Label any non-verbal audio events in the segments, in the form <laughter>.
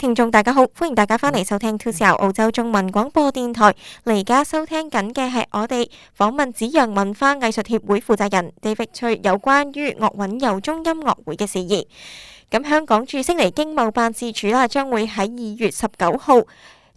聽眾大家好，歡迎大家返嚟收聽 2CR 澳洲中文廣播電台。嚟家收聽緊嘅係我哋訪問子揚文化藝術協會負責人 David Tsui，有關於樂韻遊蹤音樂會嘅事宜。咁香港駐悉尼經貿辦事處啦，將會喺二月十九號，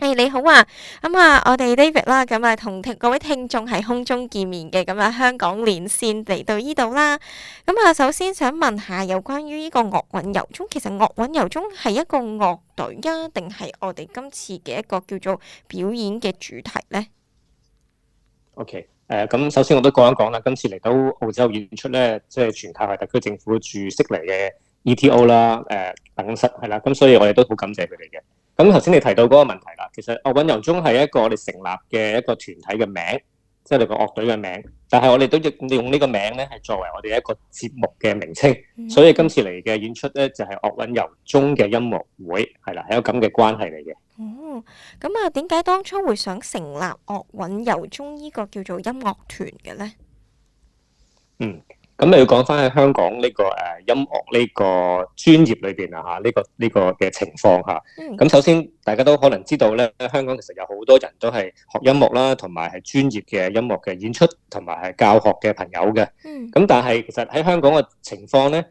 誒、hey，你好啊！咁啊，我哋 David 啦，咁啊同各位聽眾喺空中見面嘅，咁啊香港連線嚟到呢度啦。咁啊，首先想問下有關於呢個樂韻遊蹤，其實樂韻遊蹤係一個樂隊啊，定係我哋今次嘅一個叫做表演嘅主題咧？OK，誒、呃，咁首先我都講一講啦。今次嚟到澳洲演出咧，即、就、係、是、全靠係特區政府駐悉尼嘅 ETO 啦、呃，誒，辦公室係啦。咁所以我哋都好感謝佢哋嘅。咁頭先你提到嗰個問題啦，其實樂韻遊蹤係一個我哋成立嘅一個團體嘅名，即係你個樂隊嘅名。但係我哋都亦用呢個名咧，係作為我哋一個節目嘅名稱。所以今次嚟嘅演出咧，就係樂韻遊蹤嘅音樂會，係啦，係有咁嘅關係嚟嘅。哦，咁啊，點解當初會想成立樂韻遊蹤呢個叫做音樂團嘅咧？嗯。咁你要講翻喺香港呢個誒音樂呢個專業裏面啊，呢個呢個嘅情況嚇。咁首先大家都可能知道咧，香港其實有好多人都係學音樂啦，同埋係專業嘅音樂嘅演出同埋係教學嘅朋友嘅。咁但係其實喺香港嘅情況咧，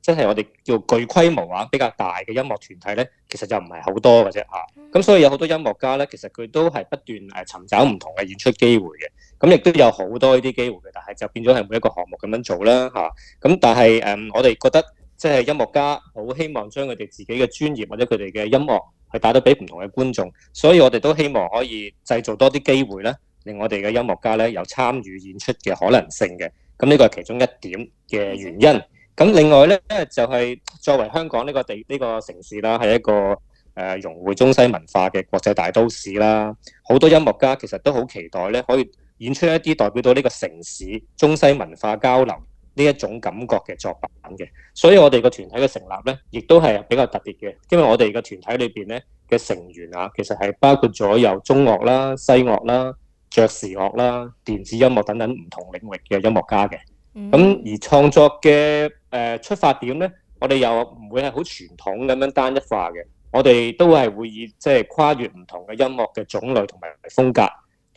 即係我哋叫巨規模啊，比較大嘅音樂團體咧，其實就唔係好多嘅啫嚇。咁所以有好多音樂家咧，其實佢都係不斷誒尋找唔同嘅演出機會嘅。咁亦都有好多呢啲機會嘅，但係就變咗係每一個項目咁樣做啦嚇。咁、啊、但係誒、嗯，我哋覺得即係、就是、音樂家好希望將佢哋自己嘅專業或者佢哋嘅音樂去帶到俾唔同嘅觀眾，所以我哋都希望可以製造多啲機會咧，令我哋嘅音樂家咧有參與演出嘅可能性嘅。咁呢個係其中一點嘅原因。咁另外咧，咧就係、是、作為香港呢個地呢、這個城市啦，係一個誒、呃、融匯中西文化嘅國際大都市啦。好多音樂家其實都好期待咧，可以，演出一啲代表到呢個城市中西文化交流呢一種感覺嘅作品嘅，所以我哋個團體嘅成立咧，亦都係比較特別嘅，因為我哋個團體裏邊咧嘅成員啊，其實，係包括咗有中樂啦、西樂啦、爵士樂啦、電子音樂等等唔同領域嘅音樂家嘅。咁、嗯、而創作嘅誒出發點咧，我哋又唔會係好傳統咁樣單一化嘅，我哋都係會以即係、就是、跨越唔同嘅音樂嘅種類同埋風格。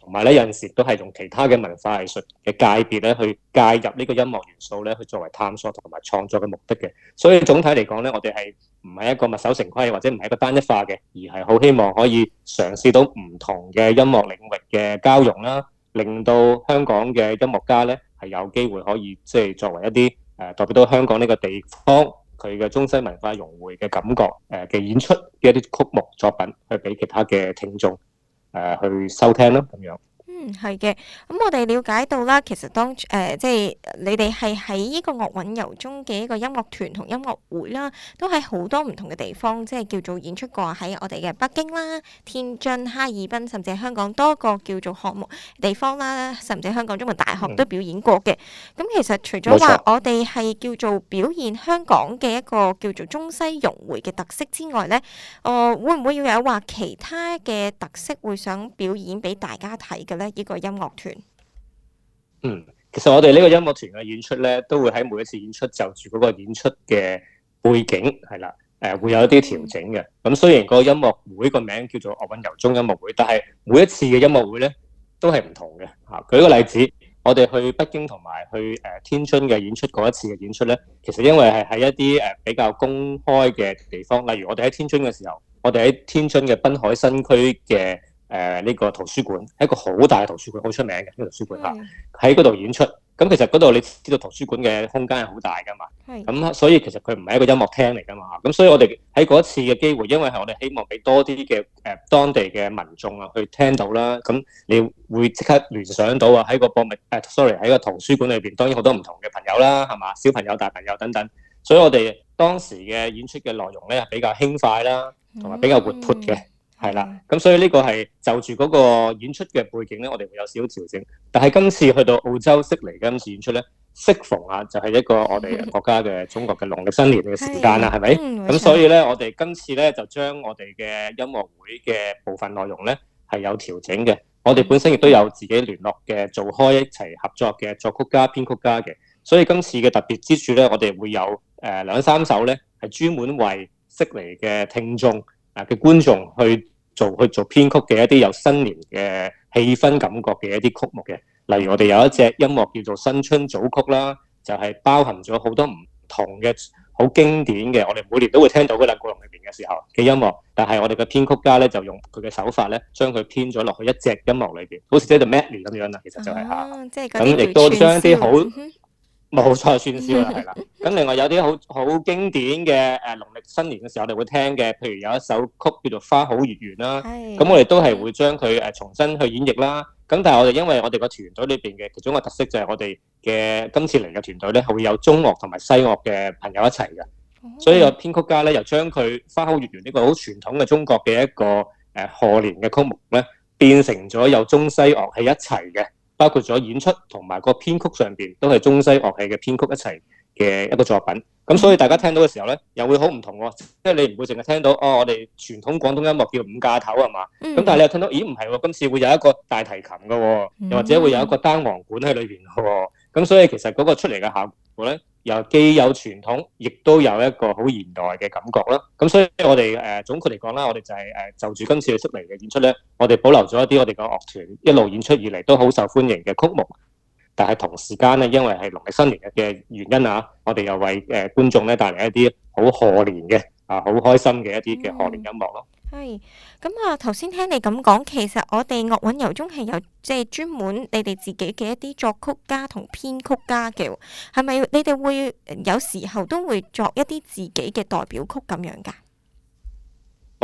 同埋咧，有陣時都係用其他嘅文化藝術嘅界別咧，去介入呢個音樂元素咧，去作為探索同埋創作嘅目的嘅。所以總體嚟講咧，我哋係唔係一個墨守成規，或者唔係一個單一化嘅，而係好希望可以嘗試到唔同嘅音樂領域嘅交融啦，令到香港嘅音樂家咧係有機會可以即係作為一啲誒代表到香港呢個地方佢嘅中西文化融匯嘅感覺誒嘅演出嘅一啲曲目作品，去俾其他嘅聽眾。誒，去收聽咯，咁樣。嗯，係嘅。咁、嗯、我哋了解到啦，其實當誒、呃、即係你哋係喺呢個樂韻遊蹤嘅一個音樂團同音樂會啦，都喺好多唔同嘅地方，即係叫做演出過喺我哋嘅北京啦、天津、哈爾濱甚至係香港多個叫做項目地方啦，甚至香港中文大學都表演過嘅。咁、嗯、其實除咗話我哋係叫做表現香港嘅一個叫做中西融匯嘅特色之外咧，我、呃、會唔會要有話其他嘅特色會想表演俾大家睇嘅咧？呢、這個音樂團，嗯，其實我哋呢個音樂團嘅演出咧，都會喺每一次演出就住嗰個演出嘅背景係啦，誒、呃，會有一啲調整嘅。咁、嗯、雖然個音樂會個名叫做《樂韻遊蹤音樂會》，但係每一次嘅音樂會咧都係唔同嘅吓。舉一個例子，我哋去北京同埋去誒天津嘅演出嗰一次嘅演出咧，其實因為係喺一啲誒比較公開嘅地方，例如我哋喺天津嘅時候，我哋喺天津嘅濱海新區嘅。誒、呃、呢、這個圖書館係一個好大嘅圖書館，好出名嘅呢、這個圖書館嚇，喺嗰度演出。咁其實嗰度你知道圖書館嘅空間係好大噶嘛？係。咁、嗯、所以其實佢唔係一個音樂廳嚟噶嘛？咁所以我哋喺嗰一次嘅機會，因為係我哋希望俾多啲嘅誒當地嘅民眾啊去聽到啦。咁你會即刻聯想到啊，喺個博物、呃、sorry，喺個圖書館裏邊，當然好多唔同嘅朋友啦，係嘛？小朋友、大朋友等等。所以我哋當時嘅演出嘅內容咧係比較輕快啦，同埋比較活潑嘅。係啦，咁所以呢個係就住嗰個演出嘅背景咧，我哋會有少少調整。但係今次去到澳洲悉尼今次演出咧，適逢啊就係一個我哋國家嘅中國嘅農曆新年嘅時間啦，係咪？咁、嗯、所以咧，我哋今次咧就將我哋嘅音樂會嘅部分內容咧係有調整嘅。我哋本身亦都有自己聯絡嘅做開一齊合作嘅作曲家、編曲家嘅。所以今次嘅特別之處咧，我哋會有誒兩、呃、三首咧係專門為悉尼嘅聽眾啊嘅觀眾去。做去做編曲嘅一啲有新年嘅氣氛感覺嘅一啲曲目嘅，例如我哋有一隻音樂叫做《新春組曲》啦，就係、是、包含咗好多唔同嘅好經典嘅，我哋每年都會聽到嗰兩句裏邊嘅時候嘅音樂，但係我哋嘅編曲家咧就用佢嘅手法咧，將佢編咗落去一隻音樂裏邊，好似喺度 match 咁樣啦，其實就係、是、嚇，咁、哦、亦、嗯、都將一啲好。嗯冇錯，算少啦，係啦。咁另外有啲好好經典嘅誒，農曆新年嘅時候，我哋會聽嘅，譬如有一首曲叫做《花好月圓》啦。係。咁我哋都係會將佢誒重新去演繹啦。咁但係我哋因為我哋個團隊裏邊嘅其中一個特色就係我哋嘅今次嚟嘅團隊咧，係會有中樂同埋西樂嘅朋友一齊嘅。所以個編曲家咧，又將佢《花好月圓》呢個好傳統嘅中國嘅一個誒賀年嘅曲目咧，變成咗有中西樂喺一齊嘅。包括咗演出同埋個編曲上邊，都係中西樂器嘅編曲一齊嘅一個作品。咁所以大家聽到嘅時候咧，又會好唔同喎，哦。即係你唔會淨係聽到哦，我哋傳統廣東音樂叫五架頭係嘛？咁、嗯、但係你又聽到，咦唔係喎，今次會有一個大提琴嘅、哦，又或者會有一個單簧管喺裏邊嘅。咁所以其實嗰個出嚟嘅效果咧。又既有傳統，亦都有一個好現代嘅感覺啦。咁所以我哋誒總括嚟講啦，我哋就係誒就住今次出嚟嘅演出咧，我哋保留咗一啲我哋嘅樂團一路演出以嚟都好受歡迎嘅曲目。但係同時間咧，因為係農曆新年嘅原因啊，我哋又為誒觀眾咧帶嚟一啲好賀年嘅啊，好開心嘅一啲嘅賀年音樂咯。Mm-hmm. 係、嗯，咁啊，頭先聽你咁講，其實我哋樂韻遊蹤係有即係專門你哋自己嘅一啲作曲家同編曲家嘅，係咪你哋會有時候都會作一啲自己嘅代表曲咁樣噶？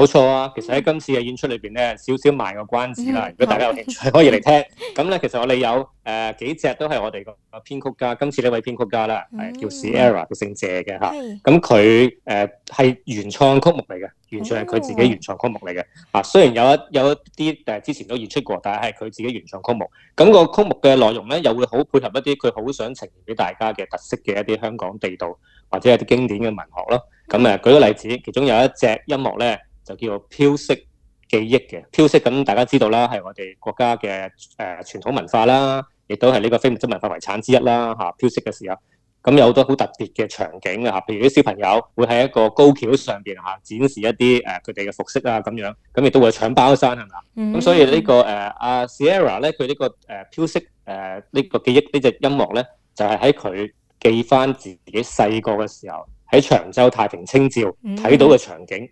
冇錯啊！其實喺今次嘅演出裏邊咧，少少賣個關子啦。如果大家有興趣，可以嚟聽。咁咧，其實我哋有誒幾隻都係我哋個編曲家，今次呢位編曲家啦，係叫 Sierra，佢姓謝嘅嚇。咁佢誒係原創曲目嚟嘅，完全係佢自己原創曲目嚟嘅。啊，雖然有一有一啲誒之前都演出過，但係係佢自己原創曲目。咁個曲目嘅內容咧，又會好配合一啲佢好想呈現俾大家嘅特色嘅一啲香港地道或者一啲經典嘅文學咯。咁誒，舉個例子，其中有一隻音樂咧。就叫做飄色記憶嘅飄色，咁大家知道啦，係我哋國家嘅誒傳統文化啦，亦都係呢個非物質文化遺產之一啦。嚇飄色嘅時候，咁有好多好特別嘅場景嘅嚇，譬如啲小朋友會喺一個高橋上邊嚇、呃、展示一啲誒佢哋嘅服飾啊咁樣，咁亦都會搶包山係咪？咁、mm -hmm. 所以、這個呃啊 Sierra、呢、這個誒阿 Sierra 咧，佢呢個誒飄色誒呢個記憶、這個、樂呢隻音樂咧，就係喺佢記返自己細個嘅時候喺長洲太平清醮睇到嘅場景。Mm -hmm.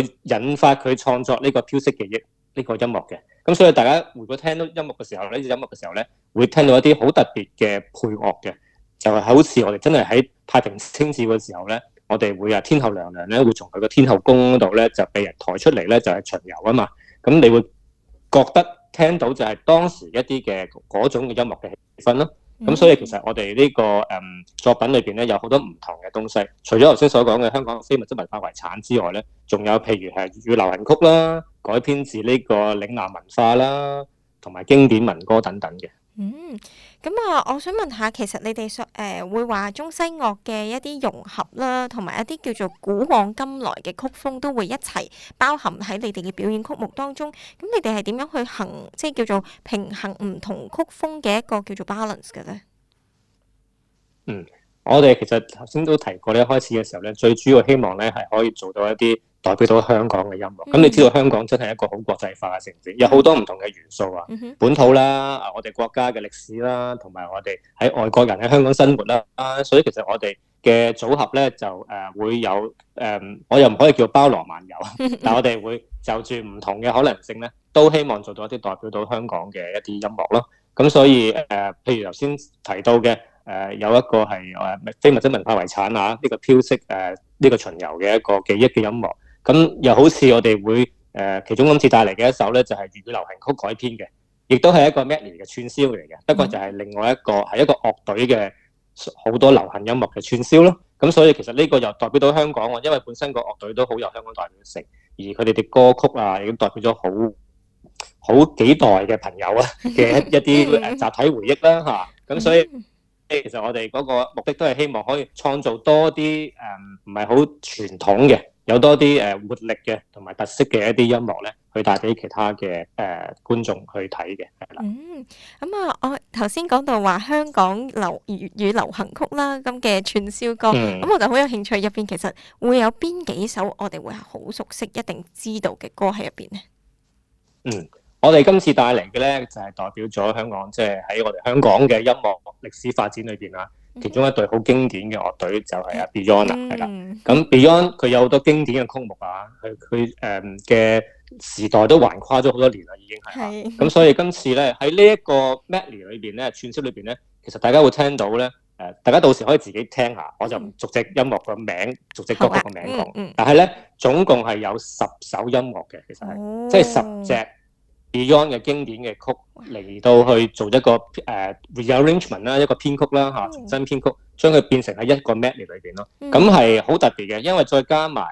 去引發佢創作呢個飄色記憶，呢個音樂嘅，咁所以大家如果聽到音樂嘅時候，呢隻音樂嘅時候咧，會聽到一啲好特別嘅配樂嘅，就係好似我哋真係喺太平清醮嘅時候咧，我哋會啊天后娘娘咧，會從佢個天后宮度咧，就被人抬出嚟咧，就係巡遊啊嘛，咁你會覺得聽到就係當時一啲嘅嗰種嘅音樂嘅氣氛咯。咁所以其實我哋呢、呢個誒、嗯、作品裏面咧有好多唔同嘅東西，除咗頭先所講嘅香港非物質文化遺產之外咧，仲有譬如係粵語流行曲啦、改編自呢個嶺南文化啦、同埋經典民歌等等嘅。嗯，咁啊，我想問下，其實你哋上誒會話中西樂嘅一啲融合啦，同埋一啲叫做古往今來嘅曲風都會一齊包含喺你哋嘅表演曲目當中。咁你哋係點樣去行，即係叫做平衡唔同曲風嘅一個叫做 balance 嘅咧？嗯，我哋其實頭先都提過咧，開始嘅時候咧，最主要希望咧係可以做到一啲。代表到香港嘅音樂，咁你知道香港真係一個好國際化嘅城市，有好多唔同嘅元素啊，本土啦，啊我哋國家嘅歷史啦，同埋我哋喺外國人喺香港生活啦，所以其實我哋嘅組合咧就誒、呃、會有誒、呃，我又唔可以叫做包羅萬有， <laughs> 但我哋會就住唔同嘅可能性咧，都希望做到一啲代表到香港嘅一啲音樂咯。咁所以誒、呃，譬如頭先提到嘅誒、呃，有一個係誒非物質文化遺產啊，呢、呢個飄色誒呢個巡遊嘅一個記憶嘅音樂。咁又好似我哋會誒、呃，其中今次帶嚟嘅一首咧，就係粵語流行曲改編嘅，亦都係一個 many 嘅串燒嚟嘅。不過就係另外一個係一個樂隊嘅好多流行音樂嘅串燒咯。咁所以其實呢個又代表到香港喎，因為本身個樂隊都好有香港代表性，而佢哋啲歌曲啊，已經代表咗好好幾代嘅朋友啊嘅一啲集體回憶啦嚇咁， <laughs> 所以其實我哋嗰個目的都係希望可以創造多啲誒唔係好傳統嘅。有多啲誒活力嘅同埋特色嘅一啲音樂咧，去帶俾其他嘅誒、呃、觀眾去睇嘅係啦。嗯，咁啊，我頭先講到話香港流粵語流行曲啦，咁嘅串燒歌，咁、嗯、我就好有興趣入邊其實會有邊幾首我哋會係好熟悉、一定知道嘅歌喺入邊咧。嗯，我哋今次帶嚟嘅咧就係、是、代表咗香港，即係喺我哋香港嘅音樂歷史發展裏邊啊。其中一隊好經典嘅樂隊就係阿 Beyond 啦、嗯，係啦。咁 Beyond 佢有好多經典嘅曲目啊，佢佢誒嘅時代都橫跨咗好多年啦，已經係。咁所以今次咧喺呢一個 Medley 裏邊咧，串燒裏邊咧，其實大家會聽到咧誒，大家到時可以自己聽下，我就唔逐隻音樂的名個名，逐隻歌曲個名講。但係咧總共係有十首音樂嘅，其實係、哦、即係十隻。Beyond 嘅經典嘅曲嚟到去做一個誒 rearrangement 啦，一個編曲啦嚇，重新編曲，將佢變成喺一個 medley 裏邊咯。咁係好特別嘅，因為再加埋誒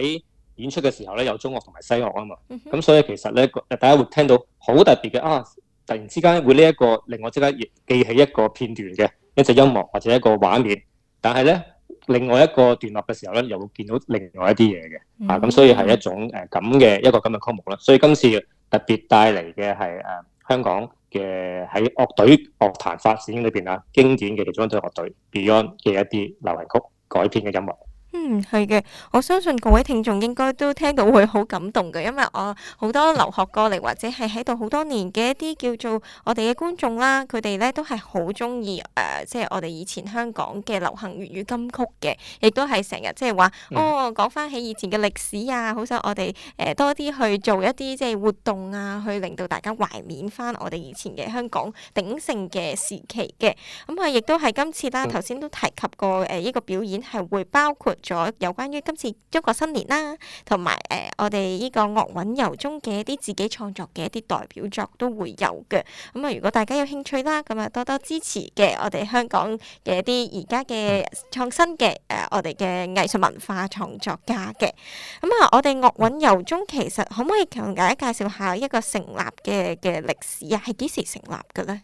喺演出嘅時候咧，有中樂同埋西樂啊嘛。咁所以其實咧，大家會聽到好特別嘅啊，突然之間會呢一個令我即刻記起一個片段嘅一隻音樂或者一個畫面。但係咧，另外一個段落嘅時候咧，又會見到另外一啲嘢嘅啊。咁所以係一種誒咁嘅一個咁嘅項目啦。所以今次。特別帶嚟嘅係香港嘅喺樂隊樂壇發展裏面經經典嘅其中一隊樂隊 Beyond 嘅一啲流行曲改編嘅音樂，各位聽嘅準嗯，係嘅。我相信各位聽眾應該都聽到會好感動㗎，因為我好多留學過嚟或者係喺度好多年嘅一啲叫做我哋嘅觀眾啦，佢哋咧都係好中意誒，即、呃、係、就是、我哋以前香港嘅流行粵語金曲嘅，亦都係成日即係話哦，講翻起以前嘅歷史啊，好想我哋誒、呃、多啲去做一啲即係活動啊，去令到大家懷念翻我哋以前嘅香港鼎盛嘅時期嘅。咁、嗯、啊，亦都係今次啦，頭先都提及過誒，呢個表演係會包括咗有關於今次中國新年啦，同埋誒我哋依個樂韻遊蹤嘅一啲自己創作嘅一啲代表作都會有嘅。咁、嗯、啊，如果大家有興趣啦，咁啊多多支持嘅我哋香港嘅一啲而家嘅創新嘅誒、呃、我哋嘅藝術文化創作家嘅。咁、嗯、啊、嗯，我哋樂韻遊蹤其實可唔可以同大家介紹一下一個成立嘅嘅歷史啊？係幾時成立嘅咧？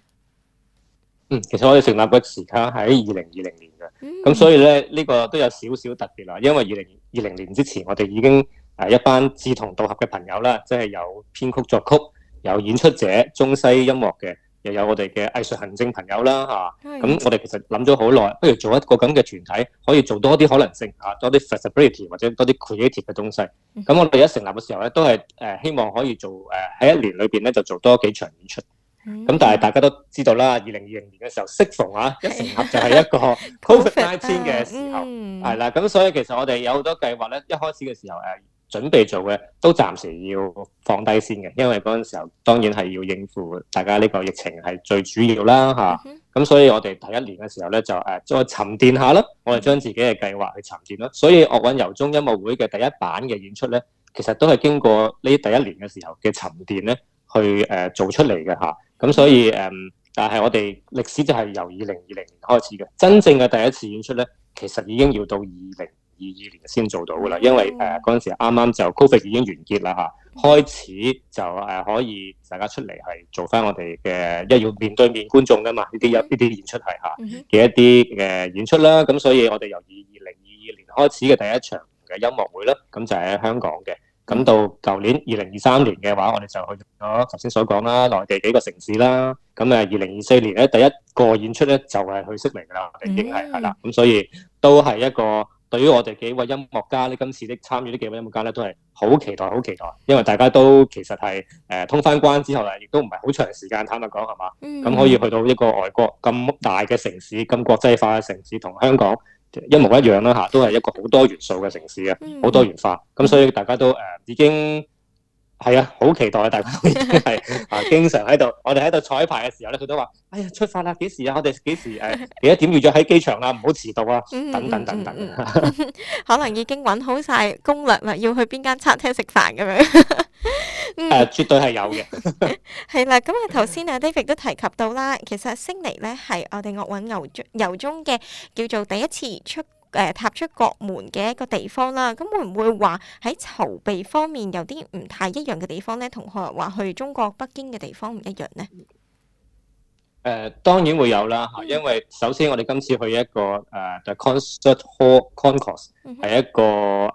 嗯，其實我哋成立嗰時間喺二零二零年嘅，咁、嗯、所以咧呢、呢個都有少少特別啦，因為二零二零年之前我哋已經誒一班志同道合嘅朋友啦，即、就、係、是、有編曲作曲，有演出者，中西音樂嘅，又有我哋嘅藝術行政朋友啦嚇，咁、啊、我哋其實諗咗好耐，不如做一個咁嘅團體，可以做多啲可能性嚇，多啲 flexibility 或者多啲 creative 嘅東西。咁、嗯、我哋一成立嘅時候咧，都係誒希望可以做誒喺一年裏邊咧就做多幾場演出。咁、嗯、但係大家都知道啦，二零二零年嘅時候適逢啊，啊，一成合就係一個 Covid 19嘅時候，係、嗯、啦，咁所以其實我哋有好多計劃咧，一開始嘅時候誒、呃，準備做嘅都暫時要放低先嘅，因為嗰陣時候當然係要應付大家呢個疫情係最主要啦吓，咁、嗯啊、所以我哋第一年嘅時候咧就誒、呃、再沉澱下啦，我哋將自己嘅計劃去沉澱啦，所以樂韻遊蹤音樂會嘅第一版嘅演出咧，其實都係經過呢第一年嘅時候嘅沉澱咧，去誒做出嚟嘅吓，咁所以誒，但係我哋歷史就係由二零二零年開始嘅，真正嘅第一次演出咧，其實已經要到二零二二年先做到嘅啦，因為誒嗰陣時啱啱就 Covid 已經完結啦吓，開始就誒可以大家出嚟係做翻我哋嘅一要面對面觀眾嘅嘛呢啲有呢啲演出係吓嘅一啲誒演出啦，咁所以我哋由二零二二年開始嘅第一場嘅音樂會啦，咁就喺香港嘅。咁到舊年二零二三年嘅話，我哋就去咗頭先所講啦，內地幾個城市啦。咁誒，二零二四年咧，第一個演出咧就誒、係、去悉尼㗎啦，我哋已經係係啦。咁所以都係一個對於我哋幾位音樂家呢，今次的參與呢，幾位音樂家咧，都係好期待，好期待，因為大家都其實係誒、呃、通翻關之後咧，亦都唔係好長時間，坦白講係嘛，咁可以去到一個外國咁大嘅城市，咁、mm -hmm. 國際化嘅城市同香港，一模一樣啦，吓都係一個好多元素嘅城市啊，好多元化。咁、嗯、所以大家都誒、嗯嗯、已經係啊，好期待啊！大家都已經係啊，經常喺度， <laughs> 我哋喺度彩排嘅時候咧 awareness，佢、 <music> right、都話：哎、呃、呀，出發啦，幾時啊？我哋幾時誒？幾點預咗喺機場啦？唔好遲到啊！等等等等。可能已經揾好晒攻略啦，要去邊間餐廳食飯咁樣。誒，絕對係有嘅。係啦，咁啊，頭先阿 David 都提及到啦，其實悉尼咧係我哋樂韻遊蹤遊蹤嘅叫做第一次出誒踏出國門嘅一個地方啦。咁會唔會話喺籌備方面有啲唔太一樣嘅地方咧？同學話去中國北京嘅地方唔一樣咧？誒，當然會有啦。因為首先我哋今次去一個誒 The Concert Hall Concourse，係一個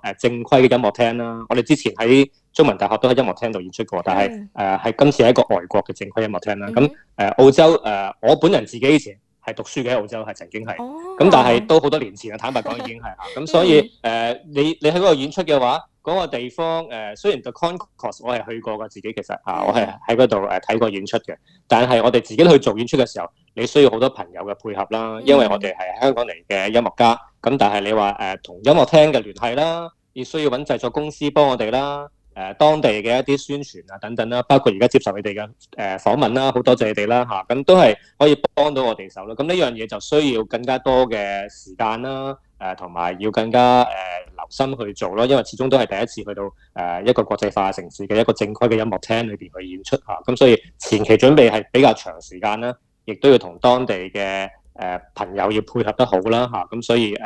誒正規嘅音樂廳啦。我哋之前喺中文大學都喺音樂廳度演出過，但係誒喺今次喺一個外國嘅正規音樂廳啦。咁、嗯、誒、呃、澳洲誒、呃，我本人自己以前係讀書嘅，喺澳洲係曾經係，咁、哦、但係都好多年前啦。坦白講已經係嚇，咁、 <laughs> 嗯嗯、所以誒、呃，你你喺嗰個演出嘅話，嗰、那個地方誒、呃，雖然 The Concourse 我係去過嘅，自己其實嚇、呃、我係喺嗰度誒睇過演出嘅，但係我哋自己去做演出嘅時候，你需要好多朋友嘅配合啦，因為我哋係香港嚟嘅音樂家，咁但係你話誒同音樂廳嘅聯繫啦，亦需要揾製作公司幫我哋啦。誒、呃、當地嘅一啲宣傳啊等等啦，包括而家接受你哋嘅誒訪問啦，好多謝你哋啦嚇，咁、啊、都係可以幫到我哋手咯。咁呢樣嘢就需要更加多嘅時間啦，誒同埋要更加誒、呃、留心去做咯，因為始終都係第一次去到誒、呃、一個國際化的城市嘅一個正規嘅音樂廳裏邊去演出嚇，咁、啊、所以前期準備係比較長時間啦，亦都要同當地嘅誒、呃、朋友要配合得好啦嚇，咁、啊啊、所以誒喺、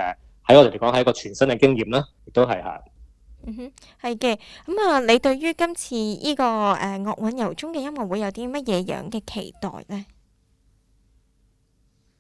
呃、我哋嚟講係一個全新嘅經驗啦，亦都係嚇。啊嗯哼，係嘅。咁、嗯、啊，你對於今次呢、這個誒樂韻由衷樂韻遊蹤嘅音樂會有啲乜嘢樣嘅期待咧？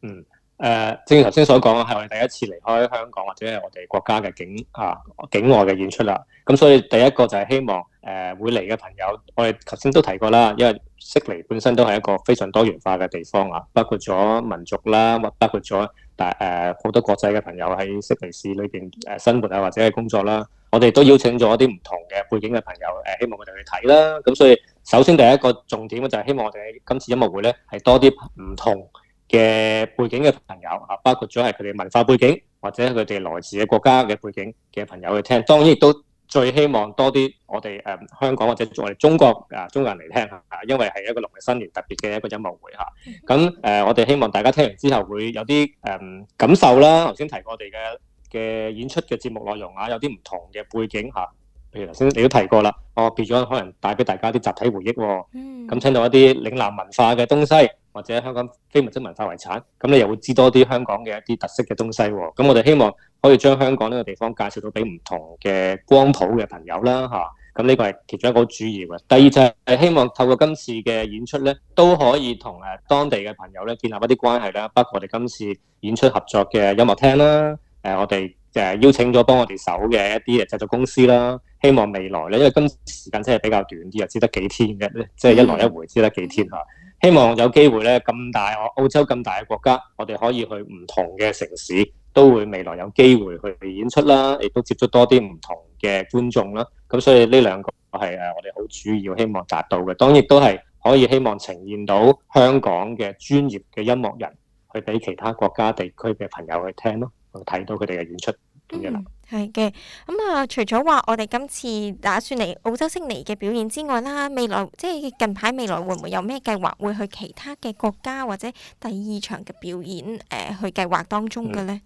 嗯，誒、呃，正如頭先所講啊，係我哋第一次離開香港或者係我哋國家嘅境啊境外嘅演出啦。咁所以第一個就係希望誒、呃、會嚟嘅朋友，我哋頭先都提過啦，因為悉尼本身都係一個非常多元化嘅地方啊，包括咗民族啦，包括咗大誒好、呃、多國際嘅朋友喺悉尼市裏邊誒生活啊或者係工作啦。我哋都邀請咗啲唔同嘅背景嘅朋友，誒希望佢哋去睇啦。咁所以首先第一個重點咧，就係希望我哋今次音樂會咧，係多啲唔同嘅背景嘅朋友啊，包括咗係佢哋文化背景或者佢哋來自嘅國家嘅背景嘅朋友去聽。當然亦都最希望多啲我哋誒香港或者我哋中國啊中國人嚟聽嚇，因為係一個農曆新年特別嘅一個音樂會嚇。咁誒，我哋希望大家聽完之後會有啲誒感受啦。頭先提過我哋嘅嘅演出嘅節目內容啊，有啲唔同嘅背景嚇、啊。譬如頭先你都提過啦，哦、啊，變咗可能帶俾大家啲集體回憶、啊。嗯。咁聽到一啲嶺南文化嘅東西，或者香港非物質文化遺產，咁你又會知多啲香港嘅一啲特色嘅東西、啊。咁我哋希望可以將香港呢個地方介紹到俾唔同嘅光譜嘅朋友啦、啊、吓，咁、啊、呢個係其中一個主要嘅。第二就係希望透過今次嘅演出呢，都可以同誒當地嘅朋友呢建立一啲關係啦、啊。包括我哋今次演出合作嘅音樂廳啦、啊。誒，我哋誒邀請咗幫我哋手嘅一啲嘅製作公司啦，希望未來咧，因為今時間真係比較短啲啊，只得幾天嘅，即係一來一回只得幾天嚇。嗯。希望有機會咧，咁大我澳洲咁大嘅國家，我哋可以去唔同嘅城市，都會未來有機會去演出啦，亦都接觸多啲唔同嘅觀眾啦。咁所以呢兩個係誒我哋好主要希望達到嘅，當然都係可以希望呈現到香港嘅專業嘅音樂人去俾其他國家地區嘅朋友去聽咯。睇到佢哋嘅演出咁樣啦，係嘅。咁啊，除咗話我哋今次打算嚟澳洲悉尼嘅表演之外啦，未來即係近排未來會唔會有咩計劃，會去其他嘅國家或者第二場嘅表演誒，去計劃當中嘅咧？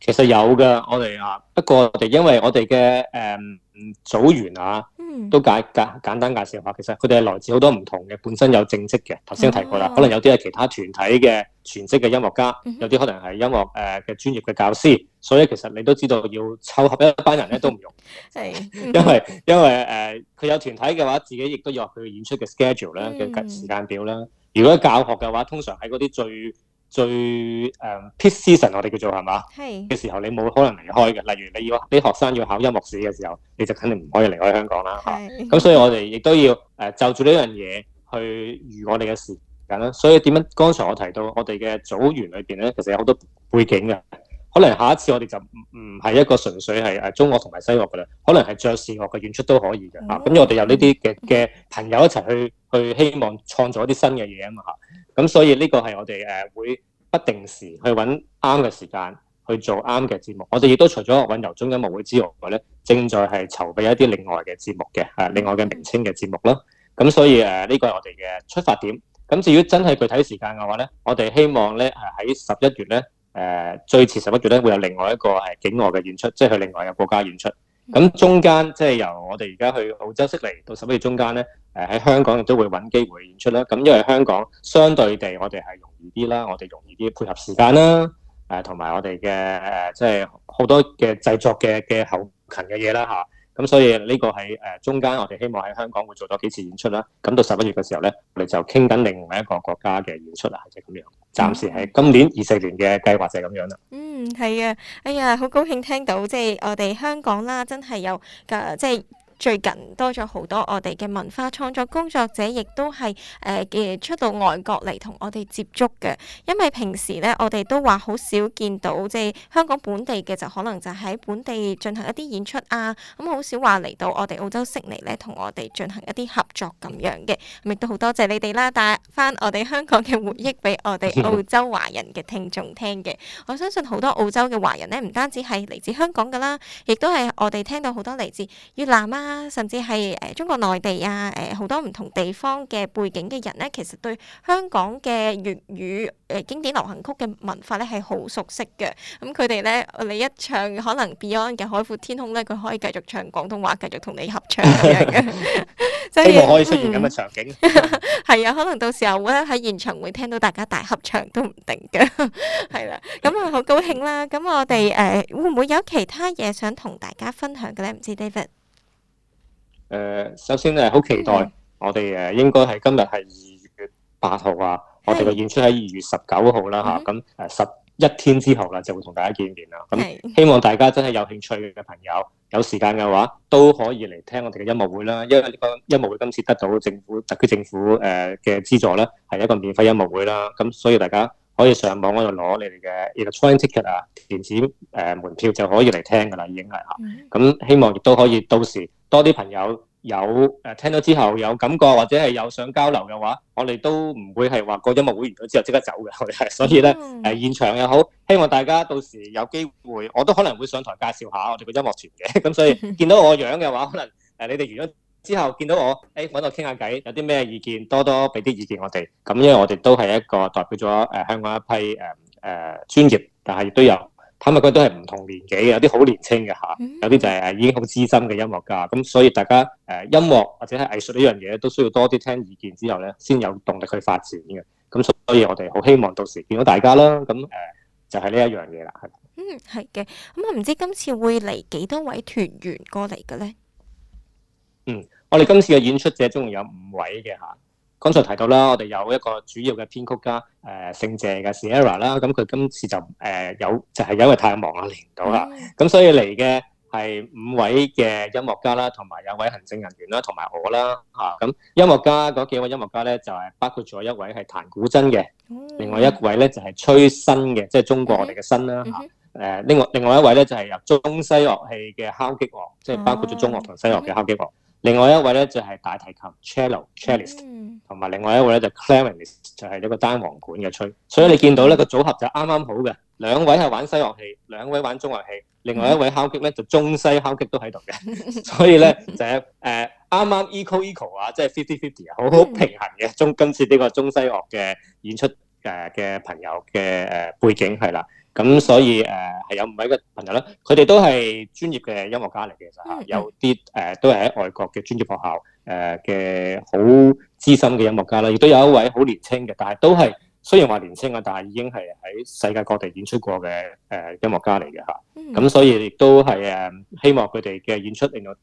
其實有㗎，我哋啊，不過我哋因為我哋嘅誒組員啊。都解簡簡單介紹下，其實佢哋係來自好多唔同嘅，本身有正職嘅。頭先提過啦，啊、可能有啲係其他團體嘅全職嘅音樂家，有啲可能係音樂誒嘅、呃、專業嘅教師。所以其實你都知道要湊合一班人咧都唔容易，因為因為誒佢有團體嘅話，自己亦都有佢演出嘅 schedule 啦，嘅時間表啦、嗯。如果教學嘅話，通常喺嗰啲最。最誒、um, peak season 我哋叫做係嘛？嘅、hey. 時候，你冇可能離開嘅。例如你要啲學生要考音樂史嘅時候，你就肯定唔可以離開香港啦咁、hey. 啊、所以我哋亦都要誒就住呢樣嘢去預我哋嘅時間啦。所以點樣？剛才我提到我哋嘅組員裏邊咧，其實有好多背景嘅。可能下一次我哋就唔唔係一個純粹係誒中樂同埋西樂嘅啦，可能係爵士樂嘅演出都可以嘅嚇。咁、嗯、我哋有呢啲嘅嘅朋友一齊去去希望創造一啲新嘅嘢啊嘛嚇。咁所以呢個係我哋誒會不定時去揾啱嘅時間去做啱嘅節目。我哋亦都除咗揾由中音樂會之外咧，正在係籌備一啲另外嘅節目嘅嚇、啊，另外嘅名稱嘅節目咯。咁所以誒呢、啊呢個係我哋嘅出發點。咁至於真係具體時間嘅話咧，我哋希望咧係喺十一月咧，誒、呃、最遲十一月咧，會有另外一個係境外嘅演出，即係去另外嘅國家演出。咁中間即係由我哋而家去澳洲悉尼到十一月中間咧，誒、呃、喺香港亦都會搵機會演出啦。咁因為香港相對地我哋係容易啲啦，我哋容易啲配合時間啦，誒同埋我哋嘅誒即係好多嘅製作嘅嘅後勤嘅嘢啦嚇。咁所以呢個喺誒中間，我哋希望喺香港會做多幾次演出啦。咁到十一月嘅時候咧，我哋就傾緊另外一個國家嘅演出啊，就咁樣。暫時喺今年二四年嘅計劃就係咁樣啦。嗯，係啊，哎呀，好高興聽到，即係我哋香港啦，真係有嘅，即係。最近多咗好多我哋嘅文化創作工作者，亦都係誒嘅出到外國嚟，同我哋接觸嘅。因為平時咧，我哋都話好少見到即係香港本地嘅，就可能就喺本地進行一啲演出啊。咁、嗯、好少話嚟到我哋澳洲悉尼咧，同我哋進行一啲合作咁樣嘅。咁亦都好多謝你哋啦，帶翻我哋香港嘅回憶俾我哋澳洲華人嘅聽眾聽嘅。我相信好多澳洲嘅華人咧，唔單止係嚟自香港噶啦，亦都係我哋聽到好多嚟自越南啊。啊，甚至係誒中國內地啊，誒好多唔同地方嘅背景嘅人咧，其實對香港嘅粵語誒經典流行曲嘅文化咧係好熟悉嘅。咁佢哋咧，你一唱可能 Beyond 嘅《海闊天空》咧，佢可以繼續唱廣東話，繼續同你合唱咁樣嘅。所以可以出現咁嘅場景。係啊，可能到時候咧喺現場會聽到大家大合唱都唔定嘅。係啦，咁啊好高興啦。咁我哋誒會唔會有其他嘢想同大家分享嘅咧？唔知 David。誒、呃，首先誒，好期待我哋誒，應該係今日係二月八號啊。我哋嘅演出喺二月十九號啦，吓咁誒十一天之後啦，就會同大家見面啦。咁希望大家真係有興趣嘅朋友，有時間嘅話都可以嚟聽我哋嘅音樂會啦。因為呢個音樂會今次得到政府特區政府誒嘅資助咧，係一個免費音樂會啦。咁所以大家可以上網嗰度攞你哋嘅，然後初音 ticket 啊，電子誒門票就可以嚟聽噶啦，已經係吓咁。希望亦都可以到時。多啲朋友有誒聽到之後有感覺或者係有想交流嘅話，我哋都唔會係話個音樂會完咗之後即刻走嘅，所以咧誒、mm -hmm. 呃、現場又好，希望大家到時有機會，我都可能會上台介紹下我哋嘅音樂團嘅，咁所以見到我樣嘅話，可能、呃、你哋完咗之後見到我誒揾我傾下偈，有啲咩意見多多俾啲意見我哋，咁因為我哋都係一個代表咗、呃、香港一批誒誒、呃呃、專業，但係亦都有。坦白講都係唔同年紀嘅，有啲好年輕嘅吓，有啲就係誒已經好資深嘅音樂家，咁所以大家誒音樂或者係藝術呢樣嘢都需要多啲聽意見之後咧，先有動力去發展嘅。咁所以我哋好希望到時見到大家啦。咁誒就係呢一樣嘢啦。係，嗯，係嘅。咁我唔知今次會嚟幾多位團員過嚟嘅咧？嗯，我哋今次嘅演出者總共有五位嘅吓。剛才提到啦，我哋有一個主要嘅編曲家，誒、呃，姓謝嘅 Sierra 啦，咁佢今次就誒、呃就是、有就係因為太忙啦，嚟唔到啦。咁所以嚟嘅係五位嘅音樂家啦，同埋有位行政人員啦，同埋我啦嚇。咁音樂家嗰幾位音樂家咧，就係、是、包括咗一位係彈古箏嘅，mm -hmm. 另外一位咧就係吹笙嘅，即、就、係、是、中國我哋嘅笙啦嚇。誒，另外另外一位咧就係由中西樂器嘅敲擊樂，即、就、係、是、包括咗中樂同西樂嘅敲擊樂，樂王。另外一位咧就係大提琴 （cello）、cellist，同埋另外一位咧就 clarinet，就係一個單簧管嘅吹。所以你見到咧個組合就啱啱好嘅，兩位係玩西樂器，兩位玩中樂器，另外一位敲擊咧就中西敲擊都喺度嘅。 <laughs> 所以咧就係誒啱啱 equal equal 啊，即係 fifty fifty 啊，剛剛 Eco -Eco, 50 /50, 好好平衡嘅中 <laughs> 今次呢個中西樂嘅演出。誒、呃、嘅朋友嘅誒背景係啦，咁所以誒係、呃、有五位嘅朋友啦，佢哋都係專業嘅音樂家嚟嘅，其、嗯、實有啲誒、呃、都係喺外國嘅專業學校誒嘅好資深嘅音樂家啦，亦都有一位好年青嘅，但係都係雖然話年青啊，但係已經係喺世界各地演出過嘅誒、呃、音樂家嚟嘅嚇，咁、嗯、所以亦都係誒希望佢哋嘅演出令到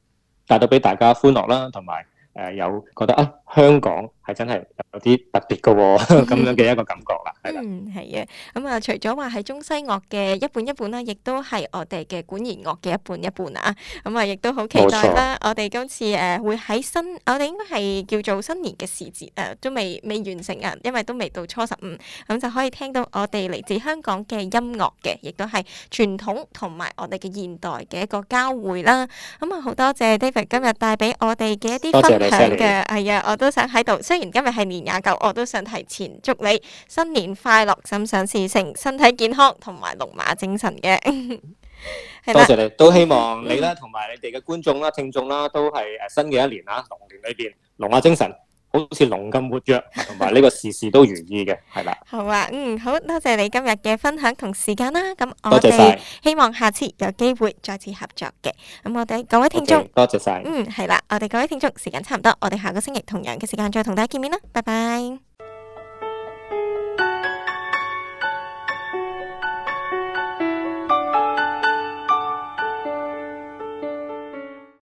帶到俾大家歡樂啦，同埋誒有覺得啊香港。係真係有啲特別嘅喎，咁樣嘅一個感覺啦。嗯，係啊。咁啊，除咗話係中西樂嘅一半一半啦，亦都係我哋嘅管弦樂嘅一半一半啊。咁啊，亦都好期待啦。我哋今次誒會喺新，我哋應該係叫做新年嘅時節誒，都未未完成啊，因為都未到初十五，咁就可以聽到我哋嚟自香港嘅音樂嘅，亦都係傳統同埋我哋嘅現代嘅一個交匯啦。咁啊，好多謝 David 今日帶俾我哋嘅一啲分享嘅，係啊，我都想喺度。雖然今日係年廿九，我都想提前祝你新年快樂、心想事成、身體健康同埋龍馬精神嘅 <laughs> 。係，多謝你，都希望你咧同埋你哋嘅觀眾啦、聽眾啦，都係誒新嘅一年啊，龍年裏邊龍馬精神。好似龍咁活躍，同埋呢個事事都如意嘅，係 <laughs> 啦。好啊，嗯，好多謝你今日嘅分享同時間啦。咁我哋希望下次有機會再次合作嘅。咁我哋各位聽眾，多謝晒。嗯，係啦，我哋各位聽眾，時間差唔多，我哋下個星期同樣嘅時間再同大家見面啦。拜拜。